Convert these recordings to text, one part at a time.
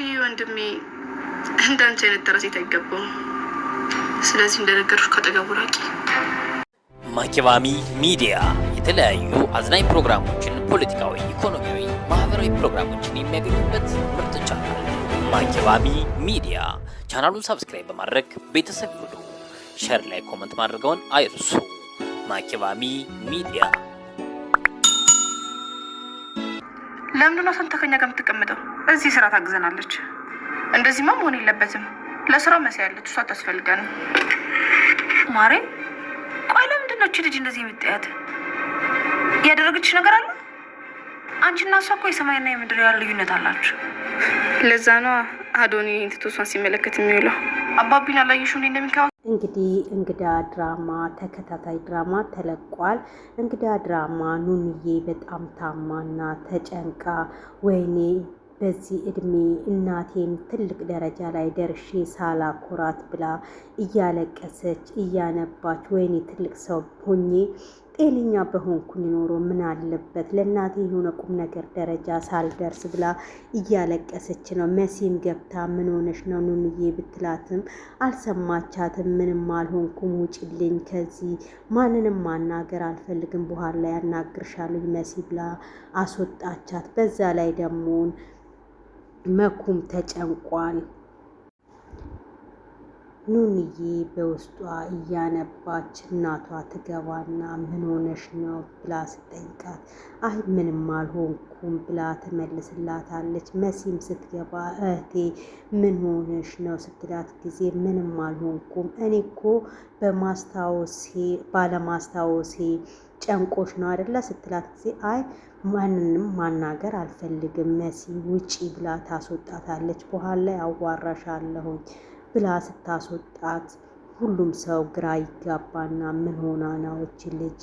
እንግዲህ ወንድሜ እንዳንቺ አይነት ተረሴት አይገባውም። ስለዚህ እንደነገር ከጠገቡ ራቂ። ማኪባሚ ሚዲያ የተለያዩ አዝናኝ ፕሮግራሞችን፣ ፖለቲካዊ፣ ኢኮኖሚያዊ፣ ማህበራዊ ፕሮግራሞችን የሚያገኙበት ምርጥ ቻናል ማኪባሚ ሚዲያ። ቻናሉን ሳብስክራይብ በማድረግ ቤተሰብ ሁሉ ሸር ላይ ኮመንት ማድረገውን አይርሱ። ማኪባሚ ሚዲያ ነው ሰንተ ከኛ ጋር የምትቀምጠው? እዚህ ስራ ታግዘናለች። እንደዚህማ መሆን የለበትም። ለስራው መሳይ ያለች እሷ ታስፈልጋል። ማሬ ቆይ ለምንድን ነው ልጅ እንደዚህ የምትጠያት? ያደረገች ነገር አለ? አንቺና እሷ እኮ የሰማይና የምድር ያህል ልዩነት አላችሁ። ለዛ ነው አዶኒ ትቶ እሷን ሲመለከት የሚውለው አባቢን አላየሽ እንደሚከባ እንግዲህ እንግዳ ድራማ ተከታታይ ድራማ ተለቋል። እንግዳ ድራማ ኑንዬ በጣም ታማና ተጨንቃ ወይኔ በዚህ እድሜ እናቴም ትልቅ ደረጃ ላይ ደርሼ ሳላኩራት ብላ እያለቀሰች እያነባች ወይኔ ትልቅ ሰው ሆኜ ጤነኛ በሆንኩኝ ኖሮ ምን አለበት ለእናቴ የሆነ ቁም ነገር ደረጃ ሳልደርስ ብላ እያለቀሰች ነው። መሲም ገብታ ምን ሆነሽ ነው ኑንዬ ብትላትም አልሰማቻትም። ምንም አልሆንኩም፣ ውጭልኝ ከዚህ ማንንም ማናገር አልፈልግም፣ በኋላ ያናግርሻለሁ መሲ ብላ አስወጣቻት። በዛ ላይ ደግሞ መኩም ተጨንቋል። ኑንዬ በውስጧ እያነባች እናቷ ትገባና ምን ሆነሽ ነው ብላ ስጠይቃት አይ ምንም አልሆንኩም ብላ ትመልስላታለች። መሲም ስትገባ እህቴ ምን ሆነሽ ነው ስትላት ጊዜ ምንም አልሆንኩም እኔ እኮ በማስታወሴ ባለማስታወሴ ጨንቆች ነው አይደለ ስትላት ጊዜ አይ ማንንም ማናገር አልፈልግም መሲ ውጪ ብላ ታስወጣታለች። በኋላ ላይ አዋራሻለሁኝ ብላ ስታስወጣት ሁሉም ሰው ግራ ይጋባና ምን ሆና ናዎች ልጅ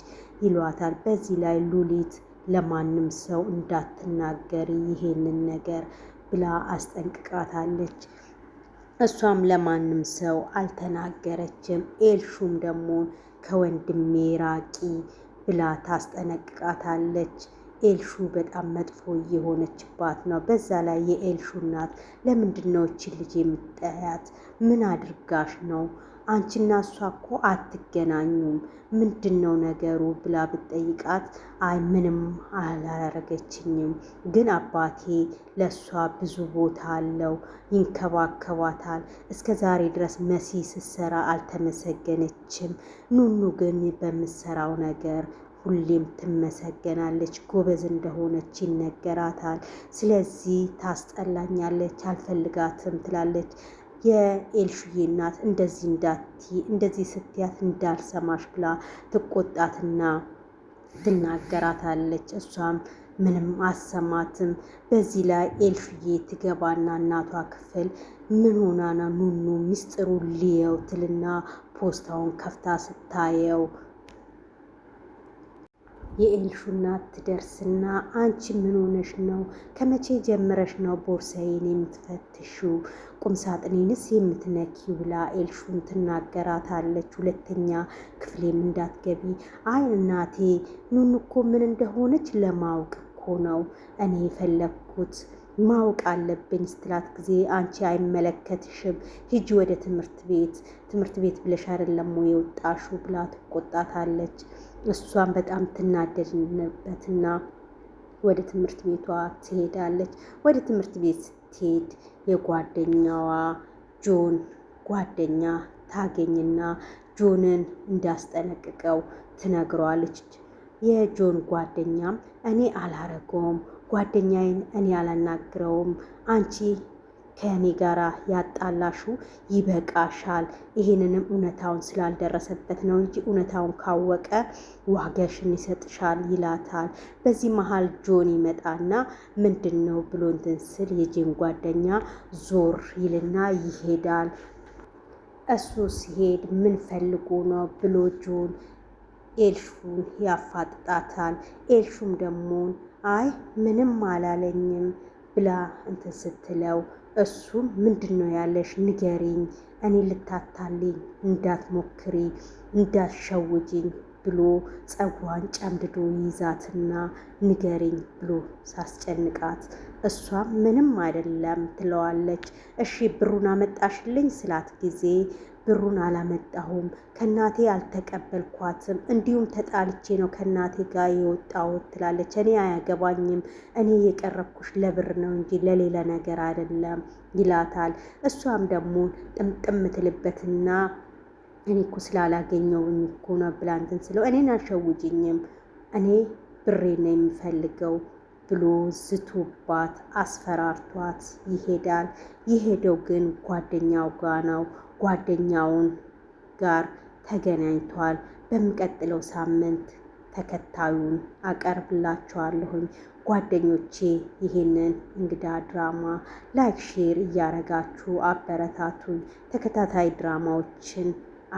ይሏታል። በዚህ ላይ ሉሊት ለማንም ሰው እንዳትናገሪ ይሄንን ነገር ብላ አስጠንቅቃታለች። እሷም ለማንም ሰው አልተናገረችም። ኤልሹም ደግሞ ከወንድሜ ራቂ ብላ ታስጠነቅቃታለች። ኤልሹ በጣም መጥፎ እየሆነችባት ነው። በዛ ላይ የኤልሹ እናት ለምንድን ነው እችን ልጅ የምጠያት ምን አድርጋሽ ነው? አንቺና እሷ እኮ አትገናኙም፣ ምንድን ነው ነገሩ ብላ ብትጠይቃት አይ ምንም አላረገችኝም፣ ግን አባቴ ለእሷ ብዙ ቦታ አለው፣ ይንከባከባታል። እስከ ዛሬ ድረስ መሲ ስትሰራ አልተመሰገነችም። ኑኑ ግን በምትሰራው ነገር ሁሌም ትመሰገናለች፣ ጎበዝ እንደሆነች ይነገራታል። ስለዚህ ታስጠላኛለች፣ አልፈልጋትም ትላለች። የኤልሹዬ እናት እንደዚህ እንዳቲ እንደዚህ ስትያት እንዳልሰማሽ ብላ ትቆጣትና ትናገራታለች። እሷም ምንም አሰማትም። በዚህ ላይ ኤልሹዬ ትገባና እናቷ ክፍል ምን ሆናና ኑኑ ሚስጥሩ ልየው ትልና ፖስታውን ከፍታ ስታየው የኤልሹ እናት ትደርስና አንቺ ምን ሆነሽ ነው? ከመቼ ጀምረሽ ነው ቦርሳዬን የምትፈትሹው? ቁምሳጥኔንስ የምትነኪ? ብላ ኤልሹን ትናገራታለች። ሁለተኛ ክፍሌም እንዳትገቢ። አይ እናቴ ኑኑ እኮ ምን እንደሆነች ለማወቅ እኮ ነው እኔ የፈለግኩት ማወቅ አለብኝ ስትላት ጊዜ አንቺ አይመለከትሽም፣ ሂጂ ወደ ትምህርት ቤት። ትምህርት ቤት ብለሽ አይደለም የወጣሹ ብላ ትቆጣታለች። እሷን በጣም ትናደድንበትና ወደ ትምህርት ቤቷ ትሄዳለች። ወደ ትምህርት ቤት ስትሄድ የጓደኛዋ ጆን ጓደኛ ታገኝና ጆንን እንዳስጠነቅቀው ትነግረዋለች። የጆን ጓደኛም እኔ አላረገውም፣ ጓደኛዬን እኔ አላናግረውም፣ አንቺ ከእኔ ጋር ያጣላሹ ይበቃሻል። ይህንንም እውነታውን ስላልደረሰበት ነው እንጂ እውነታውን ካወቀ ዋጋሽን ይሰጥሻል ይላታል። በዚህ መሀል ጆን ይመጣና ምንድን ነው ብሎ እንትን ስል የጄን ጓደኛ ዞር ይልና ይሄዳል። እሱ ሲሄድ ምን ፈልጎ ነው ብሎ ጆን ኤልሹን ያፋጥጣታል። ኤልሹም ደግሞ አይ ምንም አላለኝም ብላ እንትን ስትለው እሱም ምንድን ነው ያለሽ ንገሪኝ፣ እኔ ልታታልኝ እንዳትሞክሪ እንዳትሸውጅኝ ብሎ ፀጉሯን ጨምድዶ ይዛትና ንገሪኝ ብሎ ሳስጨንቃት እሷም ምንም አይደለም ትለዋለች። እሺ ብሩን አመጣሽልኝ ስላት ጊዜ ብሩን አላመጣሁም፣ ከእናቴ አልተቀበልኳትም፣ እንዲሁም ተጣልቼ ነው ከእናቴ ጋር የወጣሁት ትላለች። እኔ አያገባኝም፣ እኔ የቀረብኩሽ ለብር ነው እንጂ ለሌላ ነገር አይደለም ይላታል። እሷም ደግሞ ጥምጥም ትልበትና እኔ እኮ ስላላገኘሁኝ እኮ ነው ብላ እንትን ስለው እኔን አልሸውጅኝም እኔ ብሬ ነው የሚፈልገው ብሎ ዝቶባት አስፈራርቷት ይሄዳል። የሄደው ግን ጓደኛው ጋ ነው። ጓደኛውን ጋር ተገናኝቷል። በሚቀጥለው ሳምንት ተከታዩን አቀርብላችኋለሁኝ። ጓደኞቼ ይህንን እንግዳ ድራማ ላይክ፣ ሼር እያረጋችሁ አበረታቱኝ። ተከታታይ ድራማዎችን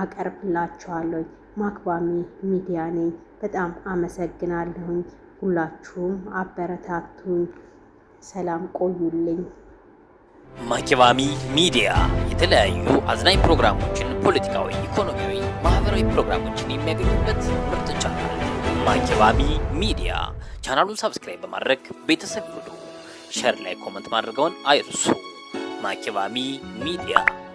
አቀርብላችኋለሁ። ማክባሚ ሚዲያ ነኝ። በጣም አመሰግናለሁኝ። ሁላችሁም አበረታቱኝ። ሰላም ቆዩልኝ። ማኪባሚ ሚዲያ የተለያዩ አዝናኝ ፕሮግራሞችን፣ ፖለቲካዊ፣ ኢኮኖሚያዊ፣ ማህበራዊ ፕሮግራሞችን የሚያገኙበት ምርጥ ቻናል ማኪባሚ ሚዲያ። ቻናሉን ሳብስክራይብ በማድረግ ቤተሰብ ይሁኑ። ሸር ላይ ኮመንት ማድረገውን አይርሱ። ማኪባሚ ሚዲያ